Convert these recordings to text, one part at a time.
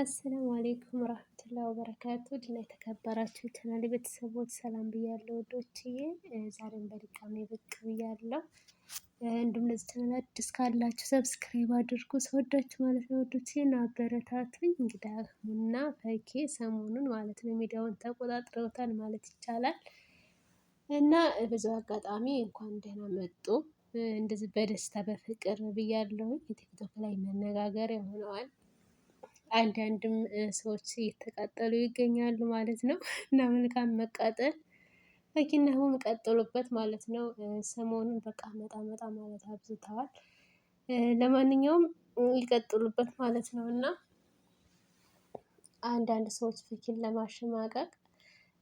አሰላሙ አሌይኩም ረህመቱላ ወበረካቱ ድና የተከበራችሁ ቻናል ቤተሰቦች ሰላም ብያለሁ። ወዶችዬ ዛሬም በድጋሚ ብቅ ብያለሁ። እንዲሁም ለዚህ ቻናል አዲስ ካላችሁ ሰብስክራይብ አድርጉ። ሰወዳችሁ ማለት ነው ወዶችዬ ና አበረታቱኝ። እንግዲህ አህሙና ፈኬ ሰሞኑን ማለት ነው ሚዲያውን ተቆጣጥረውታል ማለት ይቻላል እና በዚያው አጋጣሚ እንኳን ደህና መጡ እንደዚህ በደስታ በፍቅር ብያለሁ። ቲክቶክ ላይ መነጋገሪያ ሆነዋል። አንዳንድም ሰዎች እየተቃጠሉ ይገኛሉ ማለት ነው። እና መልካም መቃጠል በኪነሁም ቀጥሎበት ማለት ነው። ሰሞኑን በቃ መጣ መጣ ማለት አብዝተዋል። ለማንኛውም ይቀጥሉበት ማለት ነው እና አንዳንድ ሰዎች ፊኪን ለማሸማቀቅ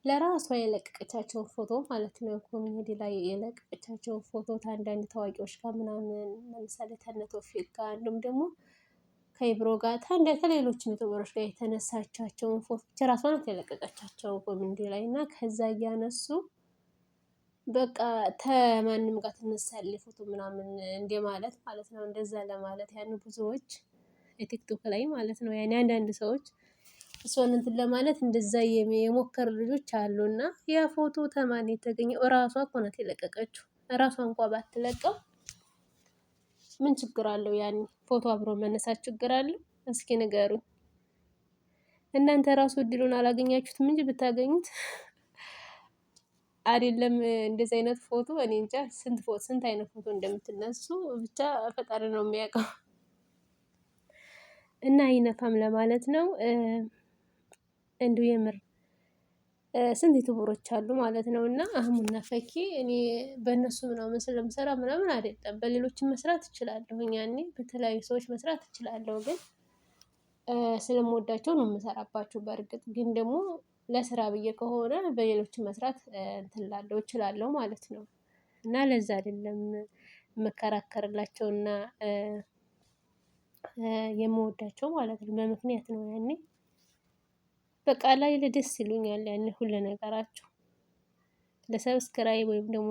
ለራሷ የለቀቀቻቸውን ፎቶ ማለት ነው ኮሚኒቲ ላይ የለቀቀቻቸውን ፎቶ ከአንዳንድ ታዋቂዎች ጋር ምናምን ለምሳሌ ከነ ቶፊቅ ጋር እንዲሁም ደግሞ ከኢብሮ ጋር ታንዲያ ከሌሎች ዩቱበሮች ጋር የተነሳቻቸውን ፎቶች ራሷ ናት የለቀቀቻቸው ኮሚኒቲ ላይ እና ከዛ እያነሱ በቃ ተማንም ጋር ትነሳል ፎቶ ምናምን እንደ ማለት ማለት ነው። እንደዛ ለማለት ያን ብዙዎች የቲክቶክ ላይ ማለት ነው ያኔ አንዳንድ ሰዎች እሷን እንትን ለማለት እንደዛ የሞከር ልጆች አሉ እና ያ ፎቶ ተማን የተገኘው እራሷ እኮ ናት የለቀቀችው። እራሷ እንኳ ባትለቀው ምን ችግር አለው? ያን ፎቶ አብሮ መነሳት ችግር አለው? እስኪ ንገሩ። እናንተ ራሱ እድሉን አላገኛችሁትም እንጂ ብታገኙት አይደለም እንደዚህ አይነት ፎቶ እኔ እንጃ ስንት ፎቶ ስንት አይነት ፎቶ እንደምትነሱ ብቻ ፈጣሪ ነው የሚያውቀው። እና አይነፋም ለማለት ነው እንዲሁ የምር ስንት ዩቱበሮች አሉ ማለት ነው። እና አህሙና ፈኪ እኔ በእነሱ ምናምን ስለምሰራ ምናምን አይደለም፣ በሌሎችም መስራት እችላለሁ። ያኔ በተለያዩ ሰዎች መስራት እችላለሁ፣ ግን ስለምወዳቸው ነው የምሰራባቸው። በእርግጥ ግን ደግሞ ለስራ ብዬ ከሆነ በሌሎችን መስራት እንትን እላለሁ እችላለሁ ማለት ነው። እና ለዛ አይደለም የምከራከርላቸውና የምወዳቸው ማለት ነው። በምክንያት ነው ያኔ በቃ ላይ ለደስ ይሉኛል ያን ሁሉ ነገራቸው ለሰብስክራይብ ወይም ደግሞ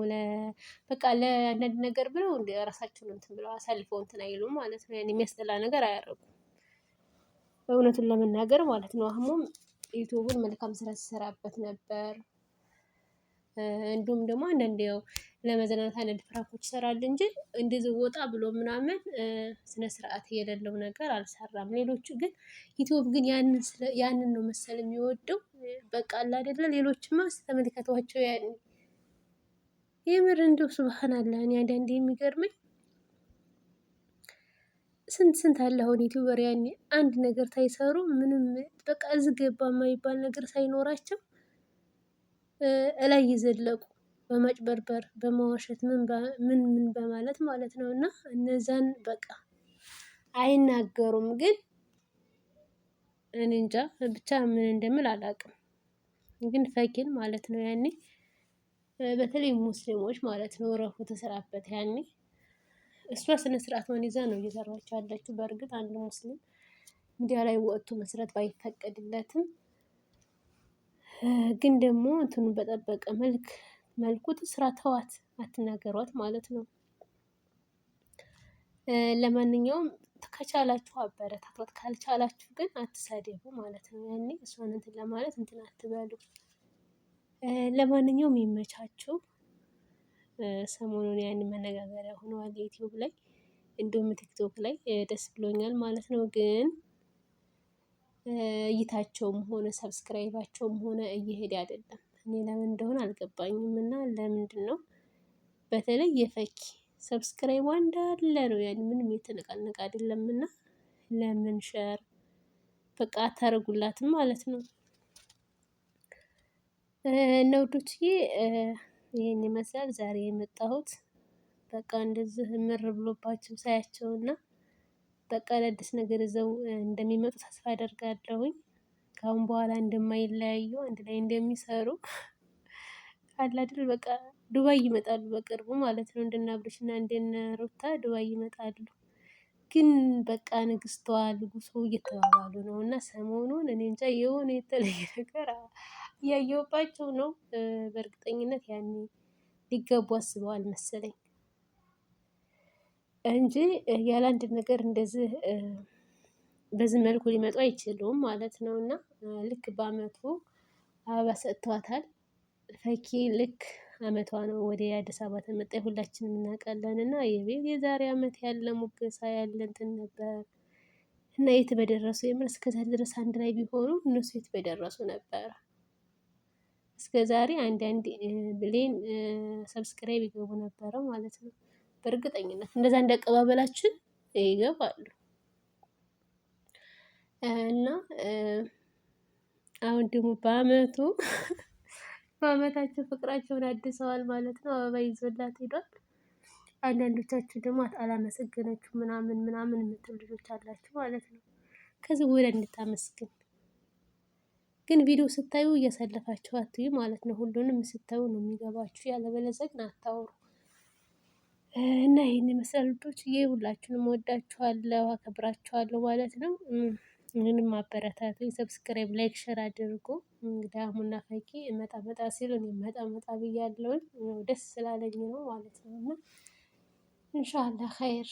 በቃ ለአንዳንድ ነገር ብለው ራሳቸውን እንትን ብለው አሳልፈው እንትን አይሉም ማለት ነው። ያን የሚያስጠላ ነገር አያደርጉም። እውነቱን ለመናገር ማለት ነው። አህሙም ዩቱቡን መልካም ስራ ሲሰራበት ነበር። እንዲሁም ደግሞ አንዳንድ ያው ለመዝናናት አይነት ፍራኮች ይሰራል እንጂ እንደዚህ ወጣ ብሎ ምናምን ስነ ስርዓት የሌለው ነገር አልሰራም። ሌሎቹ ግን ዩቲዩብ ግን ያንን ነው መሰል የሚወደው በቃ አለ አይደለ? ሌሎችማ ስተመለከቷቸው ያን የምር እንደው ሱብሃን አላህ እኔ አንዳንዴ የሚገርመኝ ስንት ስንት አለ አሁን ዩቲዩበር ያኔ አንድ ነገር ሳይሰሩ ምንም በቃ እዚህ ገባ የማይባል ነገር ሳይኖራቸው እላይ ይዘለቁ በማጭበርበር በመዋሸት ምን ምን በማለት ማለት ነው። እና እነዛን በቃ አይናገሩም ግን እኔ እንጃ ብቻ ምን እንደምል አላውቅም። ግን ፈኪን ማለት ነው ያኔ በተለይ ሙስሊሞች ማለት ነው እረፉ ተሰራበት ያኔ እሷ ስነ ስርዓቷን ይዛ ነው እየሰራች ያለችው። በእርግጥ አንድ ሙስሊም ሚዲያ ላይ ወጥቶ መስረት ባይፈቀድለትም ግን ደግሞ እንትኑን በጠበቀ መልክ መልኩ ስራ ተዋት፣ አትናገሯት ማለት ነው። ለማንኛውም ከቻላችሁ አበረታቷት፣ ካልቻላችሁ ግን አትሳደቡ ማለት ነው። ያኔ እሷን እንትን ለማለት እንትን አትበሉ። ለማንኛውም ይመቻችሁ። ሰሞኑን ያን መነጋገሪያ ሆነዋል ዩቲዩብ ላይ እንዲሁም ቲክቶክ ላይ ደስ ብሎኛል ማለት ነው። ግን እይታቸውም ሆነ ሰብስክራይባቸውም ሆነ እየሄድ አይደለም። እኔ ለምን እንደሆነ አልገባኝም እና ለምንድን ነው በተለይ የፈኪ ሰብስክራይብ እንዳለ ነው ያን ምንም የተነቃነቀ አይደለም እና ለምን ሸር በቃ አታረጉላትም ማለት ነው እና ይሄን ይመስላል ዛሬ የመጣሁት በቃ እንደዚህ ምር ብሎባቸው ሳያቸውና በቃ አዳዲስ ነገር ይዘው እንደሚመጡ ተስፋ አደርጋለሁኝ ከአሁን በኋላ እንደማይለያዩ አንድ ላይ እንደሚሰሩ አላድል በቃ ዱባይ ይመጣሉ በቅርቡ ማለት ነው። እንደነ አብርሽና እንደነ ሩታ ዱባይ ይመጣሉ። ግን በቃ ንግስቷ ንጉሱ እየተባባሉ ነው እና ሰሞኑን እኔ እንጃ የሆነ የተለየ ነገር እያየሁባቸው ነው። በእርግጠኝነት ያኔ ሊገቡ አስበዋል መሰለኝ እንጂ ያለ አንድ ነገር እንደዚህ በዚህ መልኩ ሊመጡ አይችሉም ማለት ነው። እና ልክ በአመቱ አበባ ሰጥተዋታል። ፈኪ ልክ አመቷ ነው ወደ አዲስ አበባ ተመጣ ሁላችንም እናውቃለን። እና የቤት የዛሬ አመት ያለ ሙገሳ ያለ እንትን ነበር እና የት በደረሱ የምር እስከዛ ድረስ አንድ ላይ ቢሆኑ እነሱ የት በደረሱ ነበር። እስከ ዛሬ አንዳንድ ብሌን ሰብስክራይብ ይገቡ ነበረ ማለት ነው። በእርግጠኝነት እንደዛ እንዳቀባበላችን ይገባሉ። እና አሁን ደግሞ በአመቱ በአመታቸው ፍቅራቸውን አድሰዋል ማለት ነው። አበባ ይዞላት ሄዷል። አንዳንዶቻችሁ ደግሞ አላመሰገነችሁ ምናምን ምናምን የምትሉ ልጆች አላችሁ ማለት ነው። ከዚህ ወደ እንድታመስግን ግን ቪዲዮ ስታዩ እያሳለፋችሁ አትዩ ማለት ነው። ሁሉንም ስታዩ ነው የሚገባችሁ፣ ያለበለዚያ ግን አታወሩ እና ይህን ይመስላል ልጆች። ይሄ ሁላችሁንም ወዳችኋለሁ፣ አከብራችኋለሁ ማለት ነው። ምንም አበረታቱኝ ሰብስክራይብ ላይክ ሸር አድርጉ። እንግዲህ አህሙና ፈኪ እመጣ መጣ ሲሉ እኔ መጣ መጣ ብያለሁኝ ደስ ስላለኝ ነው ማለት ነው። እና ኢንሻአላህ ኸይር